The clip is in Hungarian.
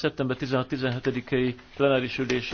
szeptember 16-17-i plenáris ülés